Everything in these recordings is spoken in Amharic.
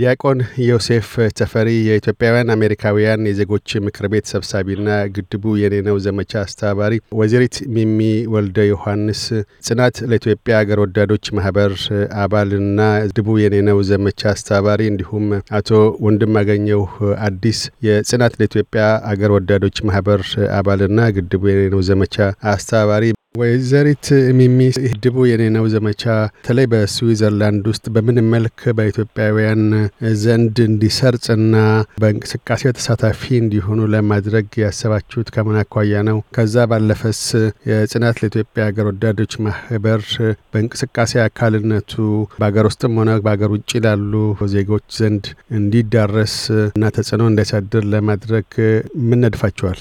ዲያቆን ዮሴፍ ተፈሪ የኢትዮጵያውያን አሜሪካውያን የዜጎች ምክር ቤት ሰብሳቢና ግድቡ የኔ ነው ዘመቻ አስተባባሪ፣ ወይዘሪት ሚሚ ወልደ ዮሐንስ ጽናት ለኢትዮጵያ አገር ወዳዶች ማህበር አባልና ግድቡ የኔ ነው ዘመቻ አስተባባሪ፣ እንዲሁም አቶ ወንድም አገኘው አዲስ የጽናት ለኢትዮጵያ አገር ወዳዶች ማህበር አባልና ግድቡ የኔ ነው ዘመቻ አስተባባሪ ወይዘሪት ሚሚ ድቡ የኔ ነው ዘመቻ በተለይ በስዊዘርላንድ ውስጥ በምን መልክ በኢትዮጵያውያን ዘንድ እንዲሰርጽና በእንቅስቃሴ ተሳታፊ እንዲሆኑ ለማድረግ ያሰባችሁት ከምን አኳያ ነው? ከዛ ባለፈስ የጽናት ለኢትዮጵያ ሀገር ወዳዶች ማህበር በእንቅስቃሴ አካልነቱ በሀገር ውስጥም ሆነ በሀገር ውጭ ላሉ ዜጎች ዘንድ እንዲዳረስ እና ተጽዕኖ እንዳያሳድር ለማድረግ ምን ነድፋችኋል?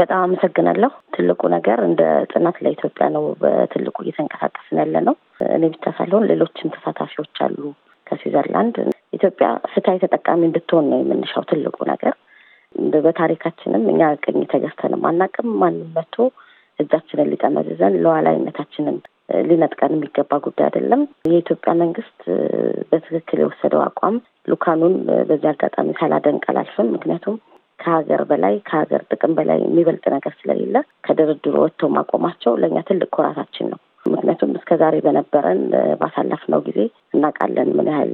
በጣም አመሰግናለሁ። ትልቁ ነገር እንደ ጥናት ለኢትዮጵያ ነው በትልቁ እየተንቀሳቀስን ያለ ነው። እኔ ብቻ ሳልሆን ሌሎችም ተሳታፊዎች አሉ ከስዊዘርላንድ። ኢትዮጵያ ፍትሀዊ ተጠቃሚ እንድትሆን ነው የምንሻው ትልቁ ነገር። በታሪካችንም እኛ ቅኝ ተገዝተንም አናቅም። ማንም መቶ እጃችንን ሊጠመዝዘን ሉዓላዊነታችንን ሊነጥቀን የሚገባ ጉዳይ አይደለም። የኢትዮጵያ መንግስት በትክክል የወሰደው አቋም ሉካኑን በዚህ አጋጣሚ ሳላደንቅ አላልፍም። ምክንያቱም ከሀገር በላይ ከሀገር ጥቅም በላይ የሚበልጥ ነገር ስለሌለ ከድርድሩ ወጥቶ ማቆማቸው ለእኛ ትልቅ ኩራታችን ነው። ምክንያቱም እስከ ዛሬ በነበረን ባሳለፍነው ጊዜ እናውቃለን ምን ያህል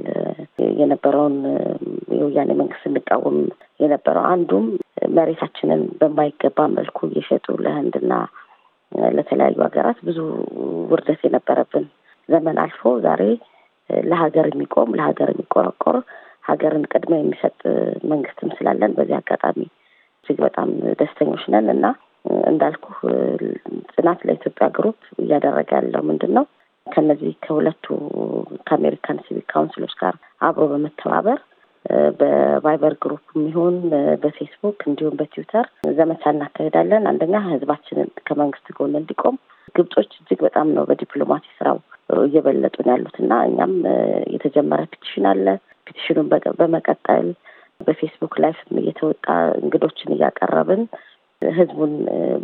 የነበረውን የወያኔ መንግስት እንቃወም የነበረው አንዱም መሬታችንን በማይገባ መልኩ እየሸጡ ለህንድና ለተለያዩ ሀገራት ብዙ ውርደት የነበረብን ዘመን አልፎ ዛሬ ለሀገር የሚቆም ለሀገር የሚቆረቆር ሀገርን ቅድሚያ የሚሰጥ መንግስትም ስላለን በዚህ አጋጣሚ እጅግ በጣም ደስተኞች ነን እና እንዳልኩ ጽናት ለኢትዮጵያ ግሩፕ እያደረገ ያለው ምንድን ነው ከነዚህ ከሁለቱ ከአሜሪካን ሲቪክ ካውንስሎች ጋር አብሮ በመተባበር በቫይበር ግሩፕ የሚሆን በፌስቡክ እንዲሁም በትዊተር ዘመቻ እናካሄዳለን። አንደኛ ህዝባችንን ከመንግስት ጎን እንዲቆም ግብጾች እጅግ በጣም ነው በዲፕሎማሲ ስራው እየበለጡ ነው ያሉት እና እኛም የተጀመረ ፒቲሽን አለ። ፒቲሽኑን በመቀጠል በፌስቡክ ላይፍ እየተወጣ እንግዶችን እያቀረብን ህዝቡን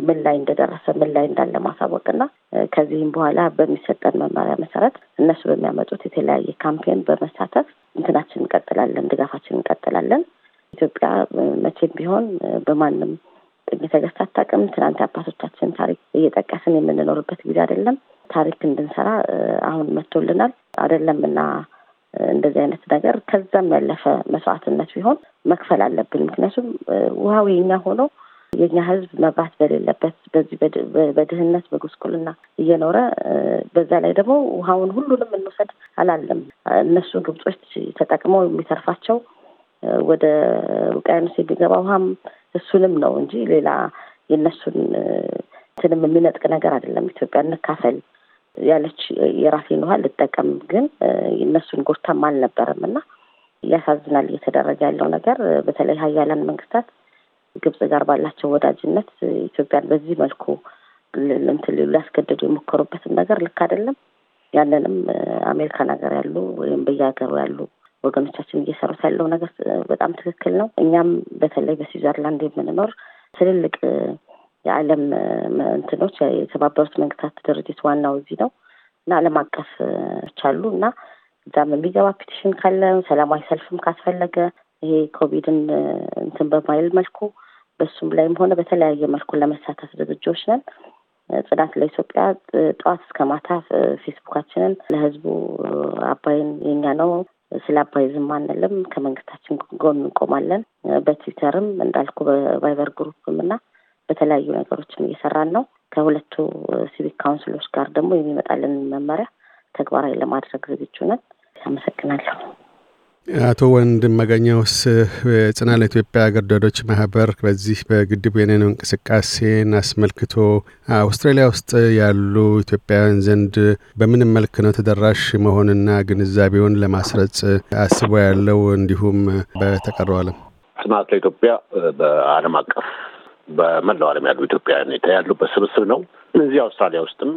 ምን ላይ እንደደረሰ ምን ላይ እንዳለ ማሳወቅና ከዚህም በኋላ በሚሰጠን መመሪያ መሰረት እነሱ በሚያመጡት የተለያየ ካምፔን በመሳተፍ እንትናችን እንቀጥላለን፣ ድጋፋችን እንቀጥላለን። ኢትዮጵያ መቼም ቢሆን በማንም ጥንተ ነገስት አታውቅም። ትናንት አባቶቻችን ታሪክ እየጠቀስን የምንኖርበት ጊዜ አይደለም። ታሪክ እንድንሰራ አሁን መጥቶልናል አይደለም እና እንደዚህ አይነት ነገር ከዛም ያለፈ መስዋዕትነት ቢሆን መክፈል አለብን። ምክንያቱም ውሃው የኛ ሆኖ የኛ ህዝብ መብራት በሌለበት በዚህ በድህነት በጉስቁልና እየኖረ በዛ ላይ ደግሞ ውሃውን ሁሉንም እንውሰድ አላለም። እነሱ ግብጾች ተጠቅመው የሚተርፋቸው ወደ ውቅያኖስ የሚገባ ውሃም እሱንም ነው እንጂ ሌላ የነሱን እንትንም የሚነጥቅ ነገር አይደለም። ኢትዮጵያ እንካፈል ያለች የራሴን ውሃ ልጠቀም ግን እነሱን ጎድታም አልነበረም እና ያሳዝናል። እየተደረገ ያለው ነገር በተለይ ሀያላን መንግስታት ግብጽ ጋር ባላቸው ወዳጅነት ኢትዮጵያን በዚህ መልኩ እንትን ሊያስገድዱ የሞከሩበትን ነገር ልክ አይደለም። ያንንም አሜሪካን ሀገር ያሉ ወይም በየሀገሩ ያሉ ወገኖቻችን እየሰሩት ያለው ነገር በጣም ትክክል ነው። እኛም በተለይ በስዊዘርላንድ የምንኖር ትልልቅ የዓለም እንትኖች የተባበሩት መንግስታት ድርጅት ዋናው እዚህ ነው እና ዓለም አቀፍ ቻሉ እና እዛም የሚገባ ፒቲሽን ካለ ሰላማዊ ሰልፍም ካስፈለገ ይሄ ኮቪድን እንትን በማይል መልኩ በሱም ላይም ሆነ በተለያየ መልኩ ለመሳተፍ ዝግጆች ነን። ጽናት ለኢትዮጵያ ጠዋት እስከ ማታ ፌስቡካችንን ለህዝቡ አባይን የኛ ነው ስለ አባይዝም አንልም። ከመንግስታችን ጎን እንቆማለን። በትዊተርም እንዳልኩ በቫይበር ግሩፕም እና በተለያዩ ነገሮችም እየሰራን ነው። ከሁለቱ ሲቪክ ካውንስሎች ጋር ደግሞ የሚመጣልን መመሪያ ተግባራዊ ለማድረግ ዝግጁ ነን። አመሰግናለሁ። አቶ መገኘውስ ጽና ለኢትዮጵያ አገር ወዳዶች ማህበር በዚህ በግድቡ የኔነው እንቅስቃሴን አስመልክቶ አውስትራሊያ ውስጥ ያሉ ኢትዮጵያውያን ዘንድ በምንም መልክ ነው ተደራሽ መሆንና ግንዛቤውን ለማስረጽ አስቦ ያለው? እንዲሁም በተቀረው አለም ጽናት ለኢትዮጵያ በአለም አቀፍ በመላው አለም ያሉ ኢትዮጵያውያን ያሉበት ስብስብ ነው። እዚህ አውስትራሊያ ውስጥም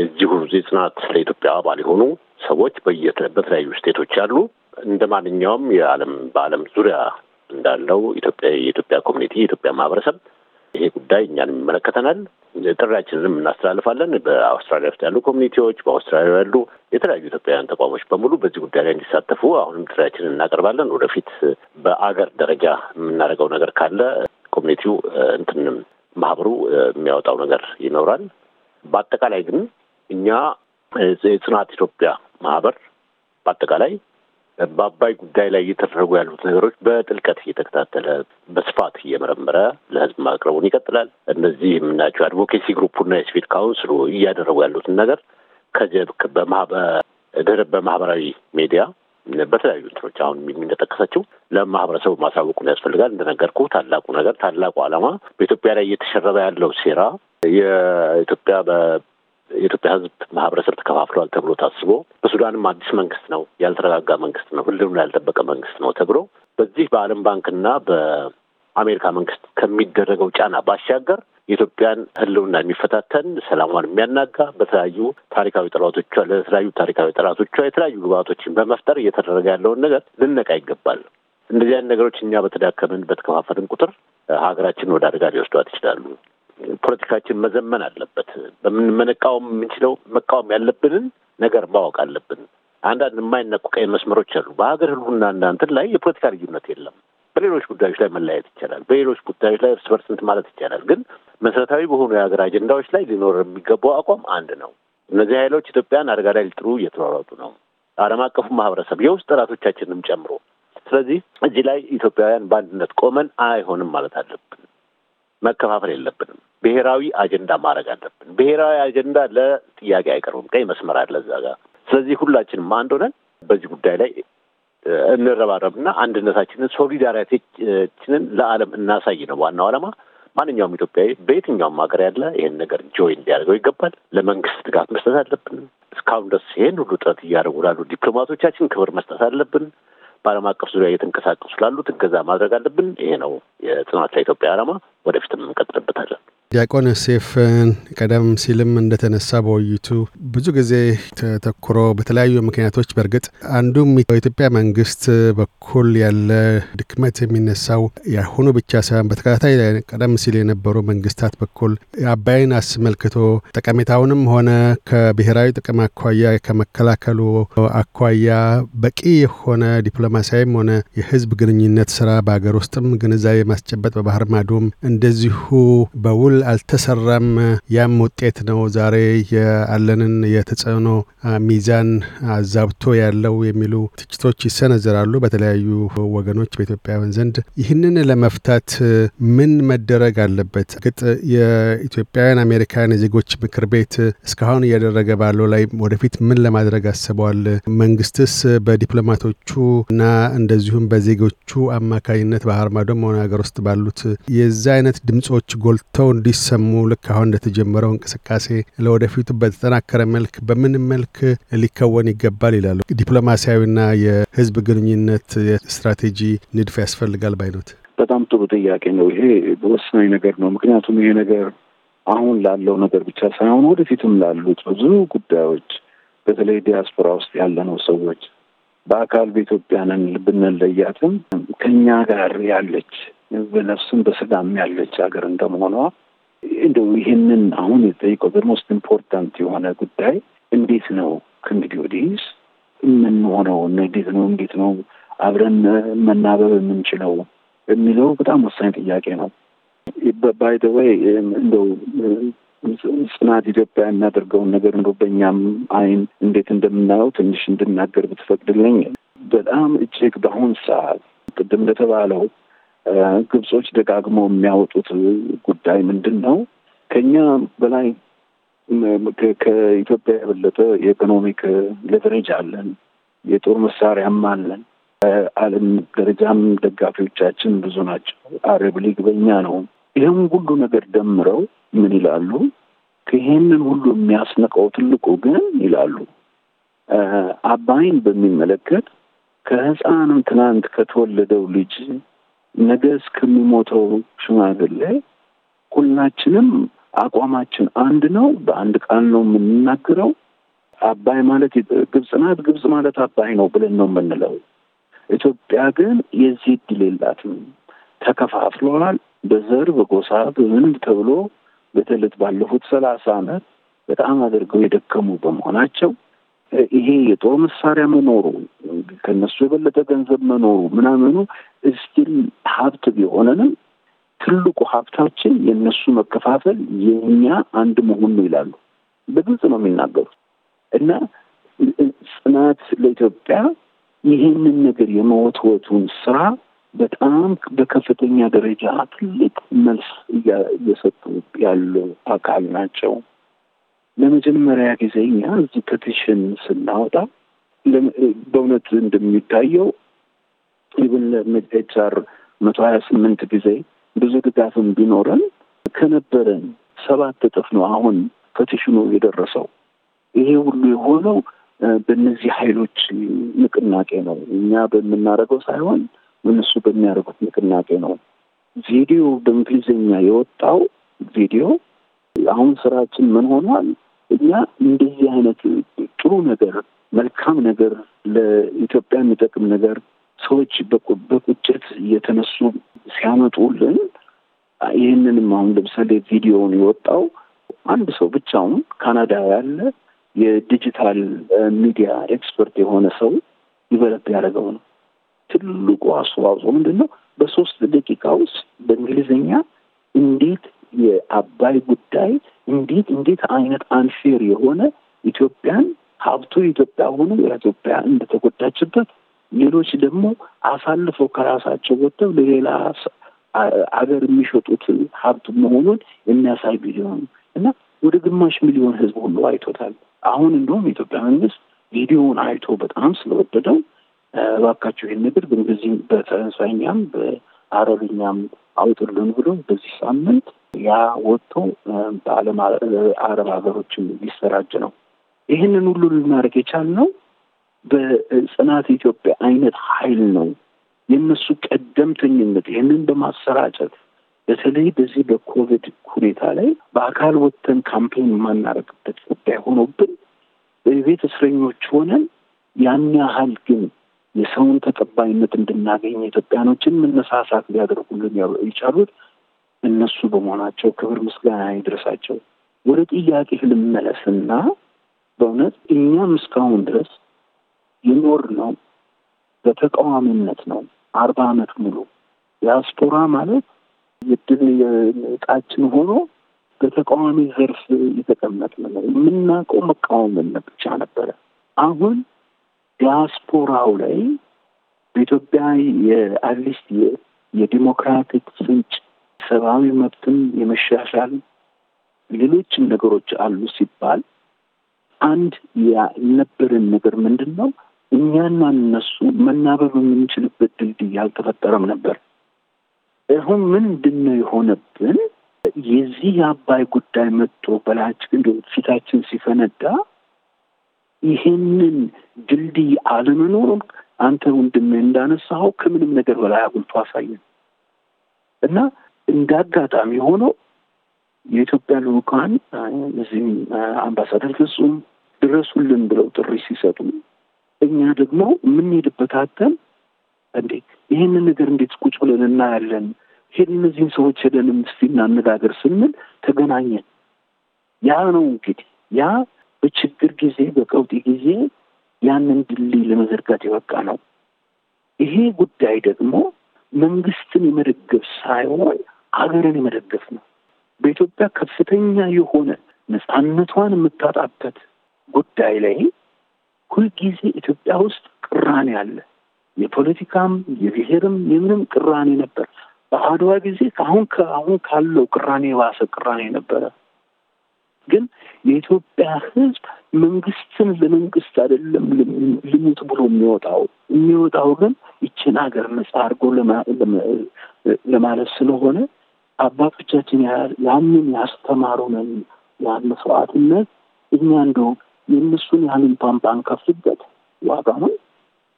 የዚሁ ጽናት ለኢትዮጵያ አባል የሆኑ ሰዎች በተለያዩ ስቴቶች አሉ። እንደ ማንኛውም የዓለም በዓለም ዙሪያ እንዳለው ኢትዮጵያ የኢትዮጵያ ኮሚኒቲ የኢትዮጵያ ማህበረሰብ ይሄ ጉዳይ እኛንም ይመለከተናል። ጥሪያችንንም እናስተላልፋለን። በአውስትራሊያ ውስጥ ያሉ ኮሚኒቲዎች፣ በአውስትራሊያ ያሉ የተለያዩ ኢትዮጵያውያን ተቋሞች በሙሉ በዚህ ጉዳይ ላይ እንዲሳተፉ አሁንም ጥሪያችንን እናቀርባለን። ወደፊት በአገር ደረጃ የምናደርገው ነገር ካለ ኮሚኒቲው እንትንም ማህበሩ የሚያወጣው ነገር ይኖራል። በአጠቃላይ ግን እኛ የጽናት ኢትዮጵያ ማህበር በአጠቃላይ በአባይ ጉዳይ ላይ እየተደረጉ ያሉት ነገሮች በጥልቀት እየተከታተለ በስፋት እየመረመረ ለህዝብ ማቅረቡን ይቀጥላል። እነዚህ የምናቸው አድቮኬሲ ግሩፑና የስፌት ካውንስሉ እያደረጉ ያሉትን ነገር ከዚህ በማህበራዊ ሚዲያ በተለያዩ እንትኖች አሁን እንደጠቀሰችው ለማህበረሰቡ ማሳወቁን ያስፈልጋል። እንደነገርኩ ታላቁ ነገር ታላቁ ዓላማ በኢትዮጵያ ላይ እየተሸረበ ያለው ሴራ የኢትዮጵያ የኢትዮጵያ ህዝብ ማህበረሰብ ተከፋፍሏል ተብሎ ታስቦ በሱዳንም አዲስ መንግስት ነው ያልተረጋጋ መንግስት ነው ህልውና ያልጠበቀ መንግስት ነው ተብሎ በዚህ በአለም ባንክና በአሜሪካ መንግስት ከሚደረገው ጫና ባሻገር የኢትዮጵያን ህልውና የሚፈታተን ሰላሟን የሚያናጋ በተለያዩ ታሪካዊ ጠላቶቿ ለተለያዩ ታሪካዊ ጠላቶቿ የተለያዩ ግብአቶችን በመፍጠር እየተደረገ ያለውን ነገር ልነቃ ይገባል። እንደዚህ አይነት ነገሮች እኛ በተዳከምን በተከፋፈልን ቁጥር ሀገራችንን ወደ አደጋ ሊወስዷት ይችላሉ። ፖለቲካችን መዘመን አለበት። በምንመነቃወም የምንችለው መቃወም ያለብንን ነገር ማወቅ አለብን። አንዳንድ የማይነቁ ቀይ መስመሮች አሉ። በሀገር ሕልውና እናንትን ላይ የፖለቲካ ልዩነት የለም። በሌሎች ጉዳዮች ላይ መለያየት ይቻላል። በሌሎች ጉዳዮች ላይ እርስ በርስ እንትን ማለት ይቻላል። ግን መሰረታዊ በሆኑ የሀገር አጀንዳዎች ላይ ሊኖር የሚገባው አቋም አንድ ነው። እነዚህ ኃይሎች ኢትዮጵያን አደጋ ላይ ሊጥሩ እየተሯሯጡ ነው፣ ዓለም አቀፉ ማህበረሰብ፣ የውስጥ ጠላቶቻችንም ጨምሮ። ስለዚህ እዚህ ላይ ኢትዮጵያውያን በአንድነት ቆመን አይሆንም ማለት አለብን። መከፋፈል የለብንም። ብሔራዊ አጀንዳ ማድረግ አለብን። ብሔራዊ አጀንዳ ለጥያቄ አይቀርብም። ቀይ መስመር አለ እዛ ጋር። ስለዚህ ሁላችንም አንድ ሆነን በዚህ ጉዳይ ላይ እንረባረብና አንድነታችንን፣ ሶሊዳሪቲችንን ለዓለም እናሳይ ነው ዋናው ዓላማ። ማንኛውም ኢትዮጵያዊ በየትኛውም ሀገር ያለ ይህን ነገር ጆይን ሊያደርገው ይገባል። ለመንግስት ድጋፍ መስጠት አለብን። እስካሁን ድረስ ይህን ሁሉ ጥረት እያደረጉ ላሉ ዲፕሎማቶቻችን ክብር መስጠት አለብን። በዓለም አቀፍ ዙሪያ እየተንቀሳቀሱ ላሉት እገዛ ማድረግ አለብን። ይሄ ነው የጽናት ለኢትዮጵያ ዓላማ። ወደፊትም እንቀጥልበታለን። ዲያቆን ሴፍን ቀደም ሲልም እንደተነሳ በውይይቱ ብዙ ጊዜ ተተኩሮ በተለያዩ ምክንያቶች በእርግጥ አንዱም በኢትዮጵያ መንግስት በኩል ያለ ድክመት የሚነሳው ያሁኑ ብቻ ሳይሆን በተከታታይ ቀደም ሲል የነበሩ መንግስታት በኩል አባይን አስመልክቶ ጠቀሜታውንም ሆነ ከብሔራዊ ጥቅም አኳያ ከመከላከሉ አኳያ በቂ የሆነ ዲፕሎማሲያዊም ሆነ የህዝብ ግንኙነት ስራ በሀገር ውስጥም ግንዛቤ ማስጨበጥ በባህር ማዶም እንደዚሁ በውል አልተሰራም። ያም ውጤት ነው ዛሬ ያለንን የተጽዕኖ ሚዛን አዛብቶ ያለው የሚሉ ትችቶች ይሰነዘራሉ በተለያዩ ወገኖች በኢትዮጵያውያን ዘንድ። ይህንን ለመፍታት ምን መደረግ አለበት? ግጥ የኢትዮጵያውያን አሜሪካውያን የዜጎች ምክር ቤት እስካሁን እያደረገ ባለው ላይ ወደፊት ምን ለማድረግ አስበዋል? መንግስትስ በዲፕሎማቶቹ እና እንደዚሁም በዜጎቹ አማካኝነት ባህር ማዶም ሆነ ሀገር ውስጥ ባሉት የዛ አይነት ድምፆች ጎልተው እንዲ ሊሰሙ ልክ አሁን እንደተጀመረው እንቅስቃሴ ለወደፊቱ በተጠናከረ መልክ በምን መልክ ሊከወን ይገባል ይላሉ። ዲፕሎማሲያዊና የህዝብ ግንኙነት ስትራቴጂ ንድፍ ያስፈልጋል ባይኖት። በጣም ጥሩ ጥያቄ ነው። ይሄ በወሳኝ ነገር ነው። ምክንያቱም ይሄ ነገር አሁን ላለው ነገር ብቻ ሳይሆን ወደፊትም ላሉት ብዙ ጉዳዮች በተለይ ዲያስፖራ ውስጥ ያለነው ሰዎች በአካል በኢትዮጵያንን ብንለያትም ከኛ ጋር ያለች በነፍስም በስጋም ያለች ሀገር እንደመሆኗ እንደው ይህንን አሁን የተጠይቀው በሞስት ኢምፖርታንት የሆነ ጉዳይ እንዴት ነው ከእንግዲህ ወዲህስ የምንሆነው? እንዴት ነው እንዴት ነው አብረን መናበብ የምንችለው የሚለው በጣም ወሳኝ ጥያቄ ነው። ባይደወይ እንደው ጽናት ኢትዮጵያ የሚያደርገውን ነገር እንደው በእኛም አይን እንዴት እንደምናየው ትንሽ እንድናገር ብትፈቅድልኝ በጣም እጅግ በአሁን ሰዓት ቅድም እንደተባለው ግብጾች ደጋግሞ የሚያወጡት ጉዳይ ምንድን ነው? ከኛ በላይ ከኢትዮጵያ የበለጠ የኢኮኖሚክ ሌቨሬጅ አለን፣ የጦር መሳሪያም አለን። በዓለም ደረጃም ደጋፊዎቻችን ብዙ ናቸው። አረብ ሊግ በኛ ነው። ይህም ሁሉ ነገር ደምረው ምን ይላሉ? ከይህንን ሁሉ የሚያስንቀው ትልቁ ግን ይላሉ አባይን በሚመለከት ከህፃን ትናንት ከተወለደው ልጅ ነገ እስከሚሞተው ሽማግሌ ሁላችንም አቋማችን አንድ ነው። በአንድ ቃል ነው የምንናገረው። አባይ ማለት ግብጽ ናት፣ ግብጽ ማለት አባይ ነው ብለን ነው የምንለው። ኢትዮጵያ ግን የዚህ እድል የላትም። ተከፋፍለዋል። በዘር በጎሳ በምን ተብሎ በተለት ባለፉት ሰላሳ አመት በጣም አድርገው የደከሙ በመሆናቸው ይሄ የጦር መሳሪያ መኖሩ ከነሱ የበለጠ ገንዘብ መኖሩ ምናምኑ እስቲል ሀብት ቢሆነንም ትልቁ ሀብታችን የእነሱ መከፋፈል የኛ አንድ መሆን ነው ይላሉ። በግልጽ ነው የሚናገሩት። እና ጽናት ለኢትዮጵያ ይህንን ነገር የመወትወቱን ስራ በጣም በከፍተኛ ደረጃ ትልቅ መልስ እየሰጡ ያሉ አካል ናቸው። ለመጀመሪያ ጊዜ እኛ እዚህ ፔቲሽን ስናወጣ በእውነት እንደሚታየው ኢብን ለኤች መቶ ሀያ ስምንት ጊዜ ብዙ ድጋፍም ቢኖረን ከነበረን ሰባት እጥፍ ነው አሁን ፐቲሽኑ የደረሰው። ይሄ ሁሉ የሆነው በእነዚህ ኃይሎች ንቅናቄ ነው። እኛ በምናደርገው ሳይሆን እነሱ በሚያደርጉት ንቅናቄ ነው። ቪዲዮ በእንግሊዝኛ የወጣው ቪዲዮ አሁን ስራችን ምን ሆኗል? እኛ እንደዚህ አይነት ጥሩ ነገር መልካም ነገር ለኢትዮጵያ የሚጠቅም ነገር ሰዎች በቁጭት እየተነሱ ሲያመጡልን ይህንንም አሁን ለምሳሌ ቪዲዮውን የወጣው አንድ ሰው ብቻውን ካናዳ ያለ የዲጂታል ሚዲያ ኤክስፐርት የሆነ ሰው ይበለብ ያደረገው ነው። ትልቁ አስተዋጽኦ ምንድን ነው? በሶስት ደቂቃ ውስጥ በእንግሊዝኛ እንዴት የአባይ ጉዳይ እንዴት እንዴት አይነት አንፌር የሆነ ኢትዮጵያን ሀብቱ የኢትዮጵያ ሆኖ ኢትዮጵያ እንደተጎዳችበት ሌሎች ደግሞ አሳልፈው ከራሳቸው ወጥተው ለሌላ አገር የሚሸጡት ሀብት መሆኑን የሚያሳይ ቪዲዮ ነው እና ወደ ግማሽ ሚሊዮን ህዝብ ሁሉ አይቶታል። አሁን እንደውም የኢትዮጵያ መንግስት ቪዲዮውን አይቶ በጣም ስለወደደው እባካችሁ ይህን ነገር በእንግሊዝኛም በፈረንሳይኛም በአረብኛም አውጥልን ብሎ በዚህ ሳምንት ያ ወጥቶ በዓለም አረብ ሀገሮችም ሊሰራጭ ነው። ይህንን ሁሉ ልናደርግ የቻልነው በጽናት ኢትዮጵያ አይነት ኃይል ነው። የእነሱ ቀደምተኝነት ይህንን በማሰራጨት በተለይ በዚህ በኮቪድ ሁኔታ ላይ በአካል ወጥተን ካምፔን የማናደርግበት ጉዳይ ሆኖብን በቤት እስረኞች ሆነን ያን ያህል ግን የሰውን ተቀባይነት እንድናገኝ ኢትዮጵያኖችን መነሳሳት ሊያደርጉልን የቻሉት እነሱ በመሆናቸው ክብር ምስጋና ይድረሳቸው። ወደ ጥያቄ ልመለስና በእውነት እኛም እስካሁን ድረስ የኖር ነው በተቃዋሚነት ነው። አርባ አመት ሙሉ ዲያስፖራ ማለት የድል ዕቃችን ሆኖ በተቃዋሚ ዘርፍ የተቀመጥን ነው። የምናውቀው መቃወምን ብቻ ነበረ። አሁን ዲያስፖራው ላይ በኢትዮጵያ የአትሊስት የዲሞክራቲክ ፍንጭ ሰብአዊ መብትን የመሻሻል ሌሎችም ነገሮች አሉ ሲባል አንድ የነበረን ነገር ምንድን ነው? እኛና እነሱ መናበብ የምንችልበት ድልድይ አልተፈጠረም ነበር። አሁን ምንድን ነው የሆነብን? የዚህ የአባይ ጉዳይ መጥቶ በላያችን ፊታችን ሲፈነዳ ይሄንን ድልድይ አለመኖሩን አንተ ወንድም እንዳነሳኸው ከምንም ነገር በላይ አጉልቶ አሳየን እና እንደ አጋጣሚ ሆኖ የኢትዮጵያ ልዑካን እዚህም አምባሳደር ፍጹም ድረሱልን ብለው ጥሪ ሲሰጡ እኛ ደግሞ የምንሄድበት አተን እንዴ ይህንን ነገር እንዴት ቁጭ ብለን እናያለን? ሄድ እነዚህን ሰዎች ሄደን ምስቲ እናነጋገር ስንል ተገናኘን። ያ ነው እንግዲህ ያ በችግር ጊዜ በቀውጢ ጊዜ ያንን ድልድይ ለመዘርጋት የበቃ ነው። ይሄ ጉዳይ ደግሞ መንግስትን የመደገፍ ሳይሆን ሀገርን የመደገፍ ነው። በኢትዮጵያ ከፍተኛ የሆነ ነጻነቷን የምታጣበት ጉዳይ ላይ ሁልጊዜ ኢትዮጵያ ውስጥ ቅራኔ አለ። የፖለቲካም የብሔርም የምንም ቅራኔ ነበር። በአድዋ ጊዜ ከአሁን ከአሁን ካለው ቅራኔ የባሰ ቅራኔ ነበረ። ግን የኢትዮጵያ ሕዝብ መንግስትን ለመንግስት አይደለም ልሙት ብሎ የሚወጣው የሚወጣው ግን ይችን ሀገር ነጻ አድርጎ ለማለት ስለሆነ አባቶቻችን ያንን ያስተማሩንን ያን መስዋዕትነት እኛ እንደው የእነሱን ያህልን ፓምፕ ከፍበት ዋጋውን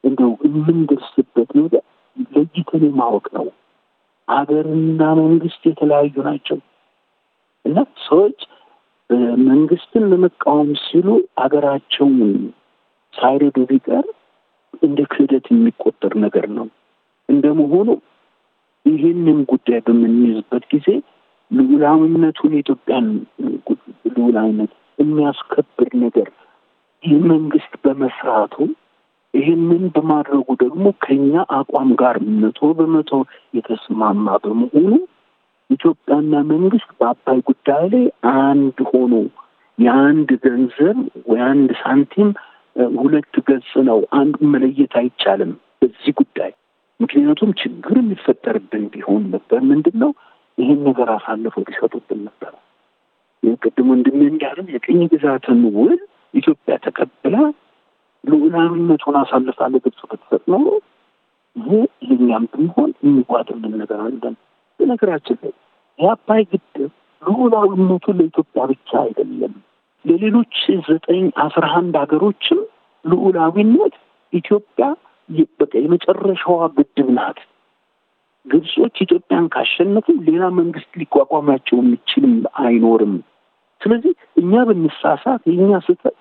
እንደው የምንደርስበት ነገር ለይተን ማወቅ ነው። ሀገርና መንግስት የተለያዩ ናቸው እና ሰዎች መንግስትን ለመቃወም ሲሉ ሀገራቸውን ሳይረዱ ቢቀር እንደ ክህደት የሚቆጠር ነገር ነው። እንደመሆኑ ይህንን ጉዳይ በምንይዝበት ጊዜ ልዑላዊነቱን የኢትዮጵያን ልዑላዊነት የሚያስከብር ነገር ይህ መንግስት በመስራቱ ይህንን በማድረጉ ደግሞ ከኛ አቋም ጋር መቶ በመቶ የተስማማ በመሆኑ ኢትዮጵያና መንግስት በአባይ ጉዳይ ላይ አንድ ሆኖ የአንድ ገንዘብ ወይ አንድ ሳንቲም ሁለት ገጽ ነው። አንዱ መለየት አይቻልም በዚህ ጉዳይ። ምክንያቱም ችግር የሚፈጠርብን ቢሆን ነበር ምንድን ነው ይህን ነገር አሳልፈው ሊሰጡብን ነበር። የቅድሙ እንድንንዳርም የቅኝ ግዛትን ውል ኢትዮጵያ ተቀብላ ልዑላዊነቱን አሳልፋ ለግብጽ ብትሰጥ ኖሮ ይህ ለእኛም ብንሆን የሚዋጥልን ነገር አለን። በነገራችን ላይ የአባይ ግድብ ልዑላዊነቱ ለኢትዮጵያ ብቻ አይደለም፣ ለሌሎች ዘጠኝ አስራ አንድ ሀገሮችም ልዑላዊነት ኢትዮጵያ በቃ የመጨረሻዋ ግድብ ናት። ግብጾች ኢትዮጵያን ካሸነፉ ሌላ መንግስት ሊቋቋማቸው የሚችልም አይኖርም። ስለዚህ እኛ ብንሳሳት የኛ ስህተት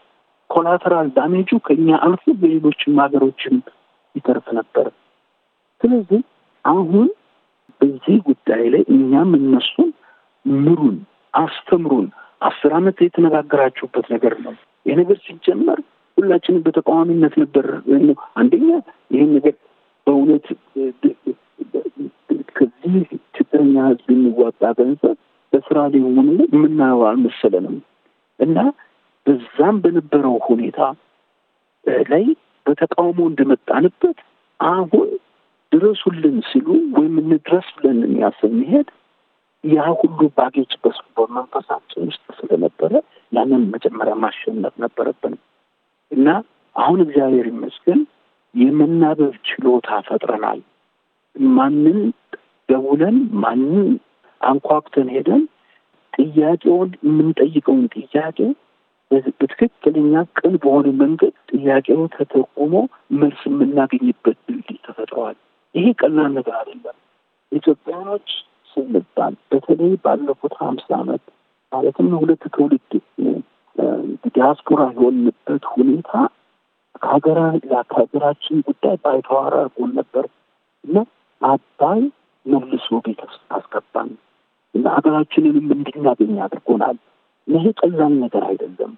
ኮላተራል ዳሜጁ ከእኛ አልፎ በሌሎችም ሀገሮችም ይተርፍ ነበር። ስለዚህ አሁን በዚህ ጉዳይ ላይ እኛም እነሱን ምሩን፣ አስተምሩን። አስር ዓመት የተነጋገራችሁበት ነገር ነው። ይህ ነገር ሲጀመር ሁላችንም በተቃዋሚነት ነበር። አንደኛ ይህን ነገር በእውነት ከዚህ ችግረኛ ህዝብ የሚዋጣ ገንዘብ በስራ ሊሆኑ ሆነ የምናየው አልመሰለንም እና በዛም በነበረው ሁኔታ ላይ በተቃውሞ እንደመጣንበት አሁን ድረሱልን ሲሉ ወይም እንድረስ ብለን የሚያስብ መሄድ ያ ሁሉ ባጌጅ በመንፈሳችን ውስጥ ስለነበረ ያንን መጀመሪያ ማሸነፍ ነበረብን እና አሁን እግዚአብሔር ይመስገን የመናበብ ችሎታ ፈጥረናል። ማንን ደውለን ማንን አንኳኩተን ሄደን ጥያቄውን የምንጠይቀውን ጥያቄ በትክክለኛ ቅን በሆነ መንገድ ጥያቄው ተተርጉሞ መልስ የምናገኝበት ድልድይ ተፈጥረዋል። ይሄ ቀላል ነገር አይደለም። ኢትዮጵያኖች ስንባል በተለይ ባለፉት ሀምሳ ዓመት ማለትም ሁለት ትውልድ ዲያስፖራ የሆንበት ሁኔታ ከሀገራ ከሀገራችን ጉዳይ ባይተዋር ነበር እና አባይ መልሶ ቤተስ አስገባን። እና ሀገራችንንም እንድናገኝ አድርጎናል። ይሄ ቀላል ነገር አይደለም።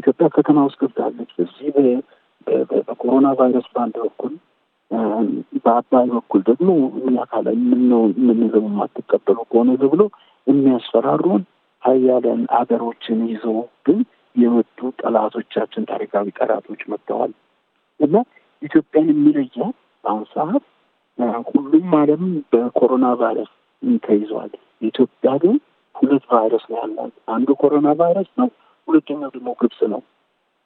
ኢትዮጵያ ፈተና ውስጥ ገብታለች። በዚህ በኮሮና ቫይረስ በአንድ በኩል በአባይ በኩል ደግሞ እኛ ምነው የምንለው የማትቀበሉ ከሆነ ተብሎ የሚያስፈራሩን ሀያለን አገሮችን ይዘው ግን የመጡ ጠላቶቻችን ታሪካዊ ጠላቶች መጥተዋል እና ኢትዮጵያን የሚለያት በአሁኑ ሰዓት ሁሉም ዓለም በኮሮና ቫይረስ ተይዘዋል። ኢትዮጵያ ግን ሁለት ቫይረስ ነው ያላት። አንዱ ኮሮና ቫይረስ ነው፣ ሁለተኛው ደግሞ ግብጽ ነው።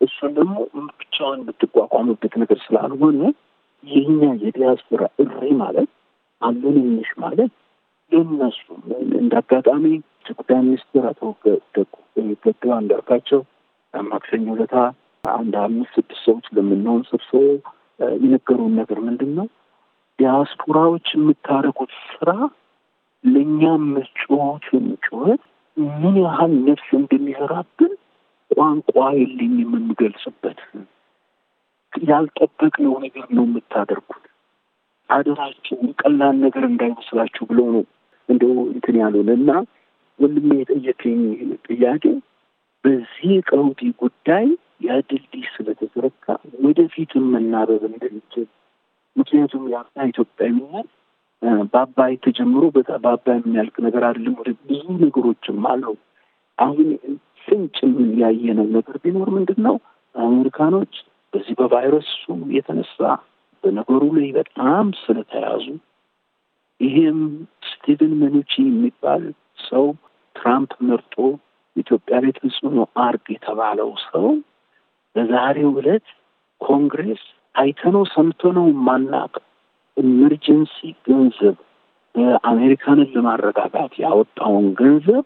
እሱን ደግሞ ብቻዋን የምትቋቋምበት ነገር ስላልሆነ የኛ የዲያስፖራ እሪ ማለት አለን እንሽ ማለት ለነሱ እንደ አጋጣሚ ጉዳይ ሚኒስትር አቶ ገዱ አንዳርጋቸው ማክሰኞ ዕለት አንድ አምስት ስድስት ሰዎች ለምናውን ሰብሰው የነገሩን ነገር ምንድን ነው ዲያስፖራዎች የምታደርጉት ስራ ለእኛም መጫወቱን ጩኸት ምን ያህል ነፍስ እንደሚሰራብን ቋንቋ የለኝ የምንገልጽበት ያልጠበቅነው ነገር ነው የምታደርጉት። አደራችሁን ቀላል ነገር እንዳይመስላችሁ ብሎ ነው እንደው እንትን ያሉን እና ወንድሜ የጠየቀኝ ጥያቄ በዚህ ቀውጢ ጉዳይ የድልድይ ስለተዘረጋ ወደፊት መናበብ እንደሚችል ምክንያቱም የአባ ኢትዮጵያዊነት በአባይ ተጀምሮ በአባይ የሚያልቅ ነገር አይደለም። ወደ ብዙ ነገሮችም አለው። አሁን ፍንጭ ያየነው ነገር ቢኖር ምንድን ነው አሜሪካኖች በዚህ በቫይረሱ የተነሳ በነገሩ ላይ በጣም ስለተያዙ ይሄም ስቲቨን መኑቺ የሚባል ሰው ትራምፕ መርጦ ኢትዮጵያ ቤት ተጽዕኖ አርግ የተባለው ሰው በዛሬው ዕለት ኮንግሬስ አይተነው ሰምተነው ማናውቅ ኢመርጀንሲ ገንዘብ በአሜሪካንን ለማረጋጋት ያወጣውን ገንዘብ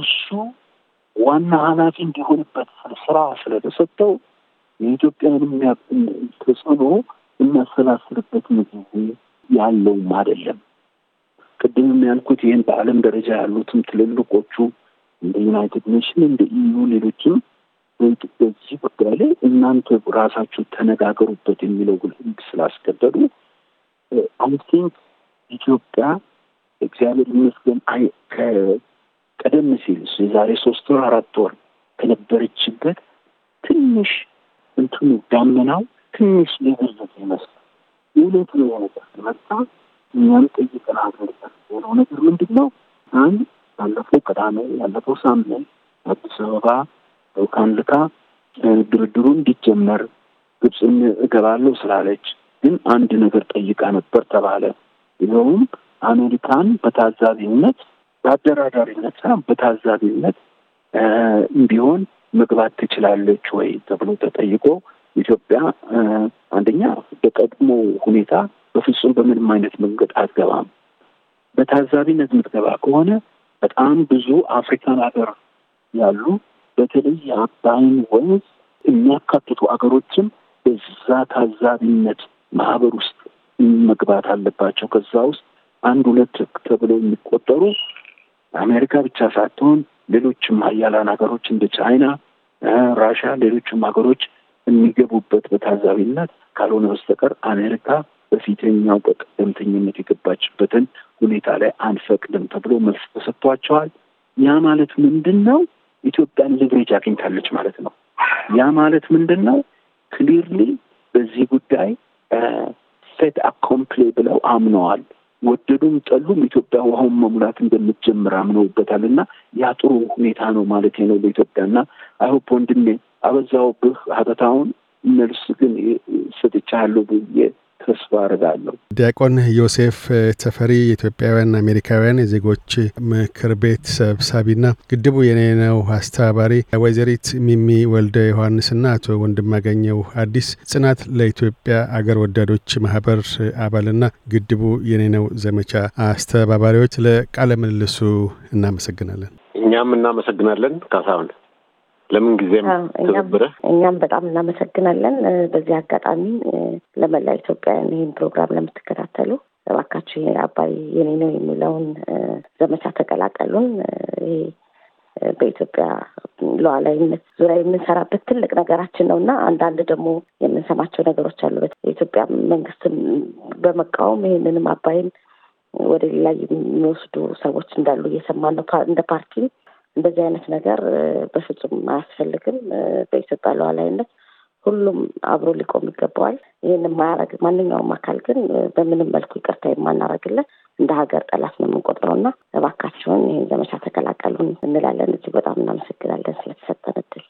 እሱ ዋና ኃላፊ እንዲሆንበት ስራ ስለተሰጠው የኢትዮጵያን ተጽዕኖ የሚያሰላስልበት ምግቡ ያለውም አይደለም። ቅድምም ያልኩት ይህን በዓለም ደረጃ ያሉትም ትልልቆቹ እንደ ዩናይትድ ኔሽን፣ እንደ ኢዩ፣ ሌሎችም በዚህ ጉዳይ ላይ እናንተ ራሳችሁ ተነጋገሩበት የሚለው ህግ ስላስገደዱ አይ ቲንክ ኢትዮጵያ እግዚአብሔር ይመስገን ቀደም ሲል የዛሬ ሶስት ወር አራት ወር ከነበረችበት ትንሽ እንትኑ ዳመናው ትንሽ ሊገዘት ይመስላል። የዕለት ነው ነገር መጣ። እኛም ጠይቀን ሀገር የሆነው ነገር ምንድን ነው? አንድ ባለፈው ቅዳሜ ያለፈው ሳምንት አዲስ አበባ ልኡካን ልካ ድርድሩ እንዲጀመር ግብፅን እገባለሁ ስላለች ግን አንድ ነገር ጠይቃ ነበር ተባለ። ይኸውም አሜሪካን በታዛቢነት በአደራዳሪነት ሳይሆን በታዛቢነት ቢሆን መግባት ትችላለች ወይ ተብሎ ተጠይቆ ኢትዮጵያ አንደኛ በቀድሞ ሁኔታ በፍጹም በምንም አይነት መንገድ አትገባም። በታዛቢነት የምትገባ ከሆነ በጣም ብዙ አፍሪካን ሀገር ያሉ በተለይ የአባይን ወንዝ የሚያካትቱ አገሮችም በዛ ታዛቢነት ማህበር ውስጥ መግባት አለባቸው። ከዛ ውስጥ አንድ ሁለት ተብለው የሚቆጠሩ አሜሪካ ብቻ ሳትሆን ሌሎችም ሀያላን ሀገሮች እንደ ቻይና፣ ራሽያ፣ ሌሎችም ሀገሮች የሚገቡበት በታዛቢነት ካልሆነ በስተቀር አሜሪካ በፊተኛው በቀደምተኝነት የገባችበትን ሁኔታ ላይ አንፈቅድም ተብሎ መልስ ተሰጥቷቸዋል። ያ ማለት ምንድን ነው? ኢትዮጵያን ሊቨሬጅ አግኝታለች ማለት ነው። ያ ማለት ምንድን ነው? ክሊርሊ በዚህ ጉዳይ ፌት አኮምፕሌ ብለው አምነዋል። ወደዱም ጠሉም ኢትዮጵያ ውሃውን መሙላት እንደምትጀምር አምነውበታል እና ያ ጥሩ ሁኔታ ነው ማለት ነው ለኢትዮጵያ እና አይሆፕ ወንድሜ አበዛውብህ ሀተታውን መልስ ግን ሰጥቻለሁ ብዬ ተስፋ አርጋለሁ። ዲያቆን ዮሴፍ ተፈሪ የኢትዮጵያውያን አሜሪካውያን የዜጎች ምክር ቤት ሰብሳቢና ግድቡ የኔ ነው አስተባባሪ፣ ወይዘሪት ሚሚ ወልደ ዮሐንስና አቶ ወንድማገኘው አዲስ ጽናት ለኢትዮጵያ አገር ወዳዶች ማህበር አባልና ግድቡ የኔ ነው ዘመቻ አስተባባሪዎች፣ ለቃለ ምልልሱ እናመሰግናለን። እኛም እናመሰግናለን ካሳሁን። ለምን ጊዜም ትብብርህ እኛም በጣም እናመሰግናለን። በዚህ አጋጣሚ ለመላ ኢትዮጵያውያን ይህን ፕሮግራም ለምትከታተሉ እባካችሁ አባይ የኔ ነው የሚለውን ዘመቻ ተቀላቀሉን። ይሄ በኢትዮጵያ ሉዓላዊነት ዙሪያ የምንሰራበት ትልቅ ነገራችን ነው እና አንዳንድ ደግሞ የምንሰማቸው ነገሮች አሉበት የኢትዮጵያ መንግስትን በመቃወም ይህንንም አባይን ወደ ሌላ የሚወስዱ ሰዎች እንዳሉ እየሰማን ነው እንደ ፓርቲ እንደዚህ አይነት ነገር በፍጹም አያስፈልግም። በኢትዮጵያ ሉዓላዊነት ሁሉም አብሮ ሊቆም ይገባዋል። ይህን የማያረግ ማንኛውም አካል ግን በምንም መልኩ ይቅርታ የማናረግለት እንደ ሀገር ጠላት ነው የምንቆጥረው እና እባካችሁን ይህን ዘመቻ ተቀላቀሉን እንላለን። እጅግ በጣም እናመሰግናለን ስለተሰጠን እድል።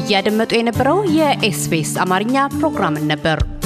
እያደመጡ የነበረው የኤስቢኤስ አማርኛ ፕሮግራምን ነበር።